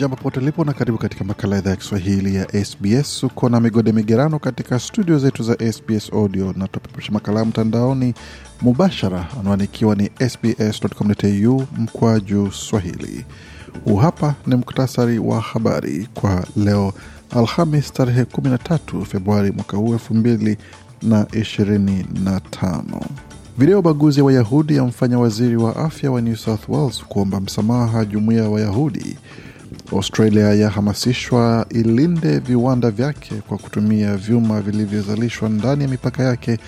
Jambo pote lipo na karibu katika makala idhaa ya Kiswahili ya SBS. Uko na migode migerano katika studio zetu za SBS Audio na tupeperusha makala mtandaoni mubashara, anwani ikiwa ni sbs.com.au mkwaju swahili. Huu hapa ni muktasari wa habari kwa leo Alhamis tarehe 13 Februari mwaka huu 2025. Video ubaguzi ya Wayahudi yamfanya waziri wa afya wa New South Wales kuomba msamaha jumuiya ya Wayahudi Australia yahamasishwa ilinde viwanda vyake kwa kutumia vyuma vilivyozalishwa ndani ya mipaka yake,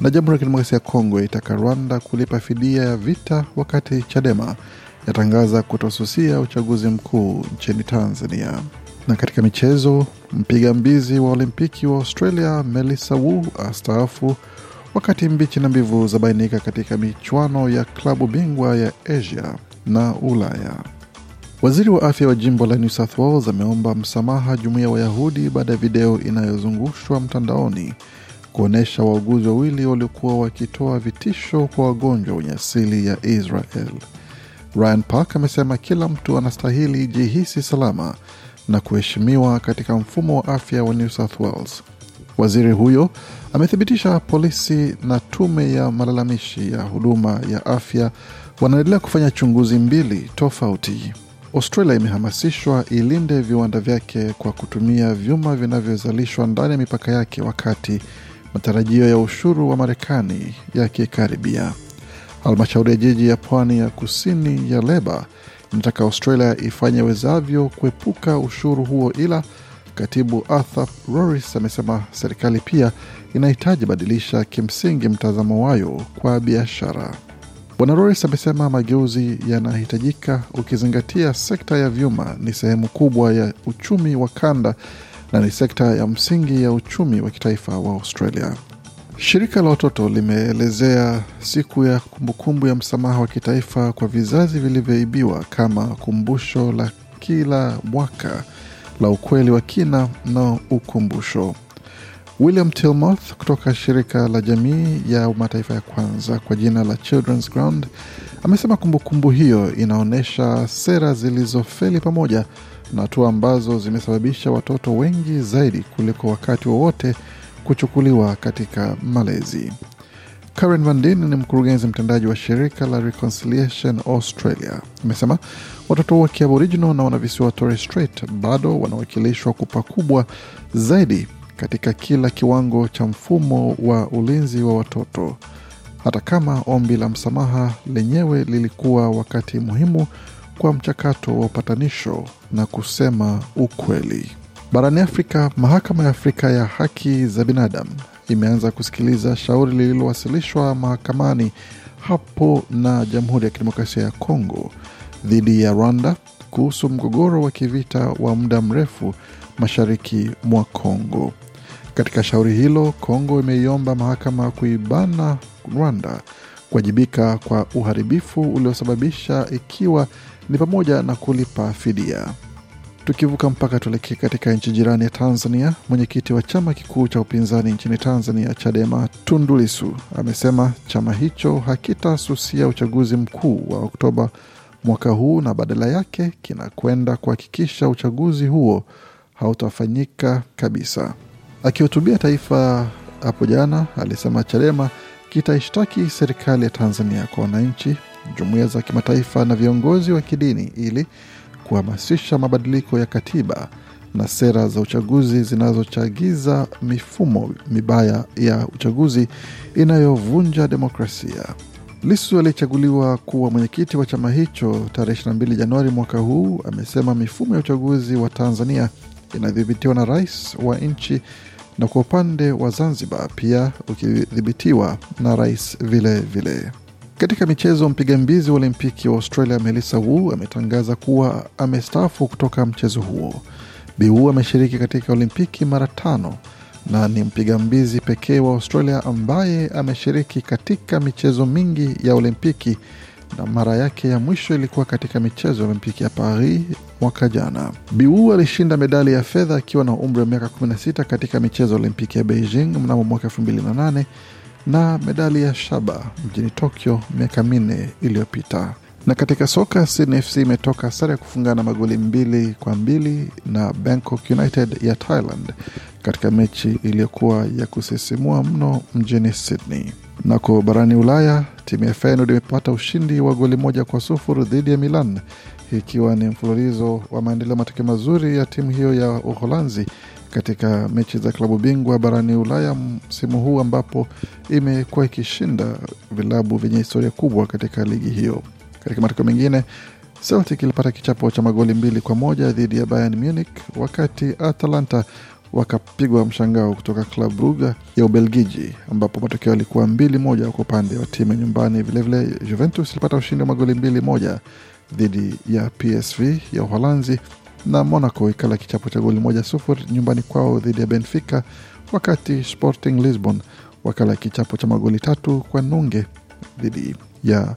na Jamhuri ya Kidemokrasia ya Kongo yaitaka Rwanda kulipa fidia ya vita, wakati Chadema yatangaza kutosusia uchaguzi mkuu nchini Tanzania. Na katika michezo, mpiga mbizi wa Olimpiki wa Australia Melissa Wu astaafu, wakati mbichi na mbivu zabainika katika michuano ya klabu bingwa ya Asia na Ulaya. Waziri wa afya wa jimbo la New South Wales ameomba msamaha jumuiya ya Wayahudi baada ya video inayozungushwa mtandaoni kuonyesha wauguzi wawili waliokuwa wakitoa vitisho kwa wagonjwa wenye asili ya Israel. Ryan Park amesema kila mtu anastahili jihisi salama na kuheshimiwa katika mfumo wa afya wa New South Wales. Waziri huyo amethibitisha polisi na tume ya malalamishi ya huduma ya afya wanaendelea kufanya chunguzi mbili tofauti. Australia imehamasishwa ilinde viwanda vyake kwa kutumia vyuma vinavyozalishwa ndani ya mipaka yake wakati matarajio ya ushuru wa Marekani yakikaribia. Halmashauri ya jiji ya pwani ya kusini ya Leba inataka Australia ifanye wezavyo kuepuka ushuru huo, ila katibu Arthur Roris amesema serikali pia inahitaji badilisha kimsingi mtazamo wayo kwa biashara. Bwana Roris amesema mageuzi yanahitajika ukizingatia sekta ya vyuma ni sehemu kubwa ya uchumi wa kanda na ni sekta ya msingi ya uchumi wa kitaifa wa Australia. Shirika la watoto limeelezea siku ya kumbukumbu ya msamaha wa kitaifa kwa vizazi vilivyoibiwa kama kumbusho la kila mwaka la ukweli wa kina na ukumbusho. William Tilmoth kutoka shirika la jamii ya mataifa ya kwanza kwa jina la Children's Ground amesema kumbukumbu hiyo inaonyesha sera zilizofeli pamoja na hatua ambazo zimesababisha watoto wengi zaidi kuliko wakati wowote wa kuchukuliwa katika malezi. Karen vandin ni mkurugenzi mtendaji wa shirika la Reconciliation Australia. Amesema watoto wa Kiaboriginal na wanavisiwa Torres Strait bado wanawakilishwa kupa kubwa zaidi katika kila kiwango cha mfumo wa ulinzi wa watoto, hata kama ombi la msamaha lenyewe lilikuwa wakati muhimu kwa mchakato wa upatanisho na kusema ukweli. Barani Afrika, mahakama ya Afrika ya haki za binadamu imeanza kusikiliza shauri lililowasilishwa mahakamani hapo na Jamhuri ya Kidemokrasia ya Kongo dhidi ya Rwanda kuhusu mgogoro wa kivita wa muda mrefu mashariki mwa Kongo. Katika shauri hilo, Kongo imeiomba mahakama kuibana Rwanda kuwajibika kwa uharibifu uliosababisha ikiwa ni pamoja na kulipa fidia. Tukivuka mpaka tuelekee katika nchi jirani ya Tanzania, mwenyekiti wa chama kikuu cha upinzani nchini Tanzania, Chadema, tundulisu amesema chama hicho hakitasusia uchaguzi mkuu wa Oktoba mwaka huu na badala yake kinakwenda kuhakikisha uchaguzi huo hautafanyika kabisa. Akihutubia taifa hapo jana, alisema Chadema kitaishtaki serikali ya Tanzania kwa wananchi, jumuiya za kimataifa na viongozi wa kidini ili kuhamasisha mabadiliko ya katiba na sera za uchaguzi zinazochagiza mifumo mibaya ya uchaguzi inayovunja demokrasia. Lisu aliyechaguliwa kuwa mwenyekiti wa chama hicho tarehe 22 Januari mwaka huu amesema mifumo ya uchaguzi wa Tanzania inadhibitiwa na rais wa nchi na kwa upande wa Zanzibar pia ukidhibitiwa na rais vilevile vile. Katika michezo, mpiga mbizi wa Olimpiki wa Australia Melissa Wu ametangaza kuwa amestaafu kutoka mchezo huo. Biu ameshiriki katika Olimpiki mara tano na ni mpiga mbizi pekee wa Australia ambaye ameshiriki katika michezo mingi ya Olimpiki na mara yake ya mwisho ilikuwa katika michezo ya Olimpiki ya Paris mwaka jana. biu alishinda medali ya fedha akiwa na umri wa miaka 16 katika michezo ya Olimpiki ya Beijing mnamo mwaka 2008 na medali ya shaba mjini Tokyo miaka minne iliyopita. Na katika soka, Sydney FC imetoka sare ya kufungana magoli mbili kwa mbili na Bangkok United ya Thailand katika mechi iliyokuwa ya kusisimua mno mjini Sydney. Nako barani Ulaya, Timu ya Feyenoord imepata ushindi wa goli moja kwa sufuru dhidi ya Milan, ikiwa ni mfululizo wa maendeleo matokeo mazuri ya timu hiyo ya Uholanzi katika mechi za klabu bingwa barani Ulaya msimu huu ambapo imekuwa ikishinda vilabu vyenye historia kubwa katika ligi hiyo. Katika matokeo mengine, Celtic ilipata kichapo cha magoli mbili kwa moja dhidi ya Bayern Munich, wakati Atalanta wakapigwa mshangao kutoka Club Brugge ya Ubelgiji, ambapo matokeo yalikuwa mbili moja kwa upande wa timu ya nyumbani. Vilevile vile, Juventus ilipata ushindi wa magoli mbili moja dhidi ya PSV ya Uholanzi na Monaco ikala kichapo cha goli moja sufuri nyumbani kwao dhidi ya Benfica, wakati Sporting Lisbon wakala kichapo cha magoli tatu kwa nunge dhidi ya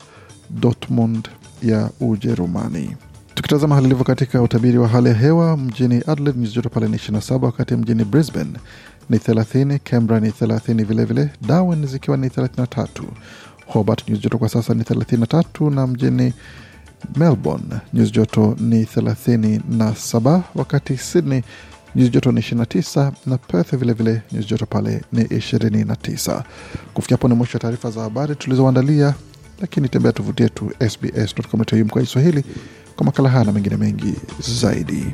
Dortmund ya Ujerumani. Tukitazama hali ilivyo katika utabiri wa hali ya hewa, mjini Adelaide nyuzi joto pale ni 27, wakati mjini Brisbane ni 30, Canberra ni 30, vilevile Darwin zikiwa ni 33, Hobart nyuzi joto kwa sasa ni 33 na mjini Melbourne nyuzi joto ni 37, wakati Sydney nyuzi joto ni 29 na Perth vilevile nyuzi joto pale ni 29. Kufikia hapo ni mwisho wa taarifa za habari tulizoandalia lakini tembea tovuti yetu sbs.com.au kwa Kiswahili kwa makala haya na mengine mengi zaidi.